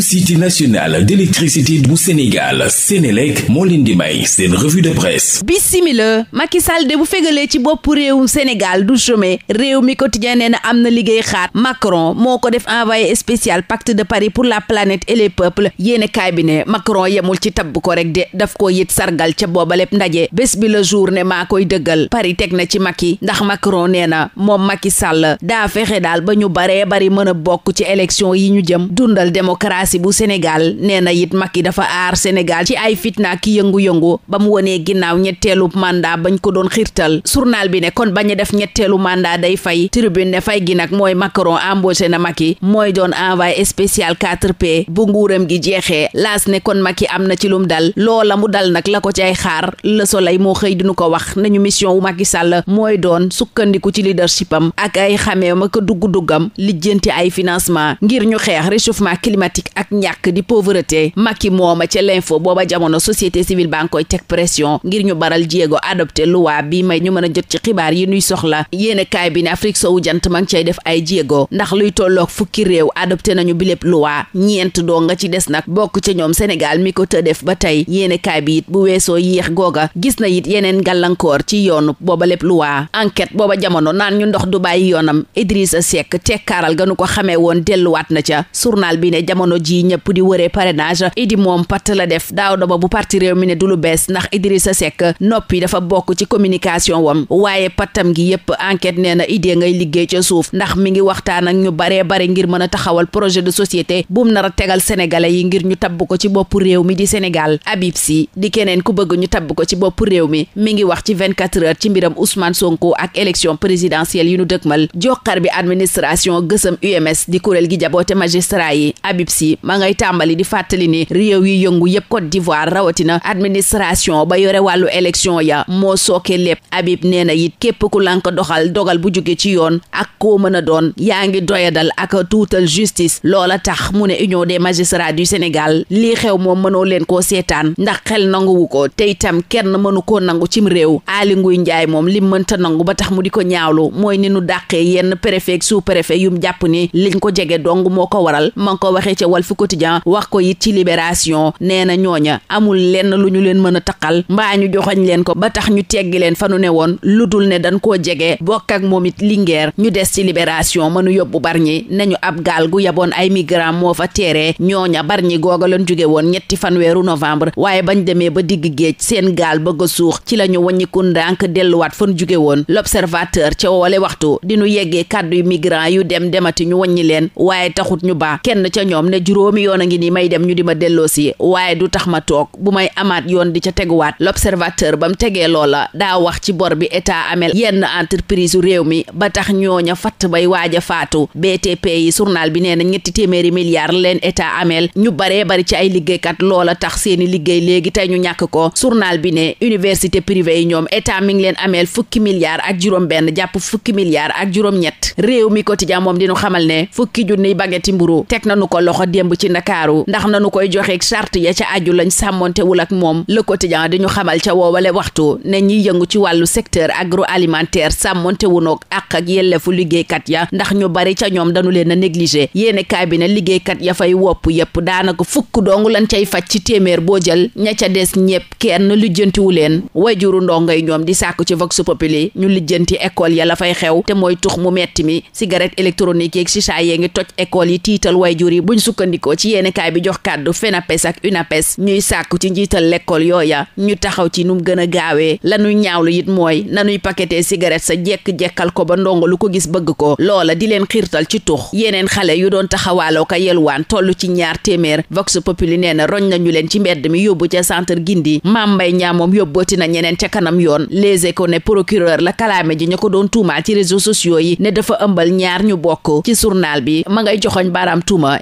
société nationale d'électricité bu Sénégal Sénélec moo leen di may seen revue de presse bisimila Macky Sall bu fégalee ci bopp réewum Sénégal du chômer réew mi quotidien nee na am na liggéey xaar Macron moo ko def envoyé spécial pacte de Paris pour la planète et les peuples yéene kaay bi ne Macron yemul ci tabb ko rek de daf ko yit sargal ca boobaleb ndaje bés bi la jour ne maa koy dëggal Paris teg na ci Macky ndax Macron nee na moom Macky Sall daa fexe daal ba ñu baree bari mën a bokk ci élection yi ñu jëm dundal démocratie démocratie bu Sénégal nee na it Macky dafa aar Sénégal ci ay fitna ki yëngu-yëngu ba mu wonee ginnaaw ñetteelu mandat bañ ko doon xiirtal journal bi ne kon bañ a def ñetteelu mandat day fay tribune ne fay gi nag mooy Macron embauché na Macky mooy doon envoyé spécial 4P bu nguuram gi jeexee laas ne kon Macky am na ci lum dal loola mu dal nag la ko ci ay xaar la Soleil moo xëy dinu ko wax nañu mission wu Macky Sall mooy doon sukkandiku ci leadership am ak ay xamee ma ko dugg-duggam lijjanti ay financement ngir ñu xeex réchauffement climatique politique ak ñàkk di pauvreté Macky mooma ca l'info booba jamono société civile baa ngi koy teg pression ngir ñu baral jéego adopté loi bi may ñu mën a jot ci xibaar yi nuy soxla yéene kaay bi ne Afrique sowu jant ma ngi cay def ay jéego ndax luy tolloog fukki réew adopté nañu bi lépp loi ñeent doo nga ci des nag bokk ca ñoom Sénégal mi ko tëddef ba tey yéene kaay bi it bu weesoo yéex googa gis na it yeneen gàllankoor ci yoonu booba lépp luwa enquête booba jamono naan ñu ndox du bàyyi yoonam Idrissa Seck tekkaaral ganu ko xamee woon jamono ji ñëpp di wëree parrainage idi moom patt la def daaw doba bu parti réew mi ne du lu bees ndax Idrissa Seck noppi dafa bokk ci communication wam waaye pattam gi yépp enquête nee na idée ngay liggéey ca suuf ndax mi ngi waxtaan ak ñu baree bare ngir mën a taxawal projet de société buum nar a tegal sénégalais yi ngir ñu tabb ko ci bopp réew mi di Sénégal Habib Sy di keneen ku bëgg ñu tabb ko ci bopp réew mi mi ngi wax ci 24 heures ci mbiram Ousmane Sonko bi administration gësam UMS yi ma ngay tàmbali di fàttali ni réew yi yëngu yëpp Côte d'Ivoire rawatina administration ba yore wàllu élection ya moo sooke lépp Habib nee na it képp ku lànk doxal dogal bu jóge ci yoon ak koo mën a doon yaa ngi doyadal ak tuutal justice loola tax mu ne union des magistrats du Sénégal lii xew moom mënoo leen ko seetaan ndax xel nanguwu ko te tam kenn mënu koo nangu cim réew Aly Ngouille Ndiaye moom li mënta nangu ba tax mu di ko ñaawlu mooy ni nu dàqee yenn Walf Quotidien wax ko it ci libération nee na ñooña amul lenn lu ñu leen mën a taqal mbaa ñu joxoñ leen ko ba tax ñu teggi leen fanu ne woon lu dul ne dañ koo jege bokk ak moom it Linguère ñu des ci libération mënu yóbbu Bargny nañu ab gaal gu yaboon ay migrant moo fa teeree ñooña Bargny googa lan jóge woon ñetti fanweeru novembre waaye bañ demee ba digg géej seen gaal bëgg a suux ci la ñu wàññiku ndànk delluwaat fan jóge woon l'observateur ca wale waxtu di ñu yeggee kàddu dem demati ñu juróomi yoon ngi nii may dem ñu di ma delloosi waaye du tax ma toog bu may amaat yoon di ca teguwaat l'observateur ba mu tegee loola daa wax ci bor bi état amel yenn entreprise u réew mi ba tax ñooña fatt bay waaj a faatu BTP yi journal bi nee na ñetti téeméeri milliards leen état amel ñu baree bari ci ay liggéeykat loola tax seeni liggéey léegi tey ñu ñàkk ko journal bi ne université privée yi ñoom état mi ngi leen ameel fukki milliards ak juróom benn jàpp fukki milliards ak juróom ñett réew mi quotidien moom dinu xamal ne fukki junniy baguette mburu teg démb ci ndakaaru ndax nanu koy joxeeg charte ya aju lañ sàmmontewul ak moom le quotidien di xamal ca woowale waxtu ne ñiy yëngu ci wàllu secteur agroalimentaire sàmmontewunoog àq ak yelleefu liggéeykat ya ndax ñu bari ca ñoom dañu leen a négligé yéene cabinet liggéeykat ya fay wopp yépp daanaka fukk dong lan cay faj ci téeméer boo jël ña ca des ñépp kenn lijjantiwu leen wayjuru ndongay ñoom di sàkku ci vox populi ñu lijjanti école ya la fay xew te mooy tux mu metti mi cigarette électronique yeeg chicha yee ngi toj école yi tiital wayjur yi buñ sukka sukkandikoo ci yéenekaay bi jox kàddu FENAPES ak UNAPES ñuy sàkku ci njiital lekkool yooya ñu taxaw ci nu mu gën a gaawee lanuy ñaawlu it mooy nanuy pakete cigarette sa jekk-jekkal ko ba ndongo lu ko gis bëgg ko loola di leen xiirtal ci tux yeneen xale yu doon taxawaaloo ko yelwaan toll ci ñaar téeméer vox populi nee na roñ leen ci mbedd mi yóbbu ca centre gindi mambay ñaa moom yóbbooti na ñeneen ca kanam yoon les éco ne procureur la kalaame ji ñu ko doon tuumaal ci réseaux sociaux yi ne dafa ëmbal ñaar ñu bokk ci journal bi ma ngay joxoñ baaraam tuuma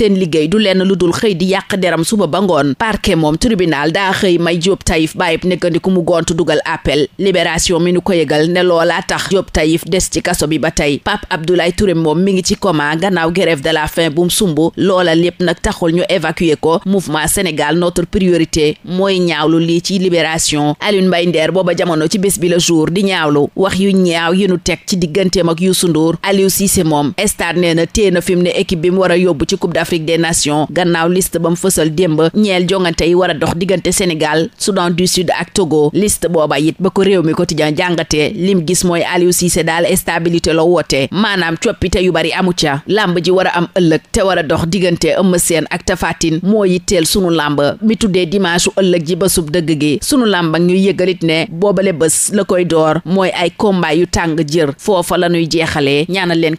seen liggéey du lenn lu dul xëy di yàq deram suba ba ngoon parquet moom tribunal daa xëy may Diop Taïf bàyyib nekkandiku mu gont dugal appel libération mi nu ko yëgal ne loolaa tax Diop Taïf des ci kaso bi ba tey Pape Abdoulaye Touré moom mi ngi ci coma gannaaw grève de la faim bu mu sumb loola lépp nag taxul ñu évacuer ko mouvement Sénégal notre priorité mooy ñaawlu lii ci libération Alioune Mbaye Nder booba jamono ci bés bi la jour di ñaawlu wax yu ñaaw yu nu teg ci digganteem ak Youssou Ndour Aliou Cissé a d'Afrique des Nations gannaaw liste ba mu fësal démb ñeel jongante yi war a dox diggante Sénégal Soudan du Sud ak Togo liste booba it ba ko réew mi ko quotidien jàngatee lim gis mooy Aliou Cissé daal stabilité la woote maanaam coppite yu bari amu ca làmb ji war a am ëllëg te war a dox diggante Eumeu Sène ak Tapha Tine moo yitteel sunu làmb mi tuddee dimanche ëllëg ji basub dëgg gi sunu làmb ak ñuy ne boobale bés la koy door mooy ay combat yu tàng jër foofa la ñuy jeexalee ñaanal leen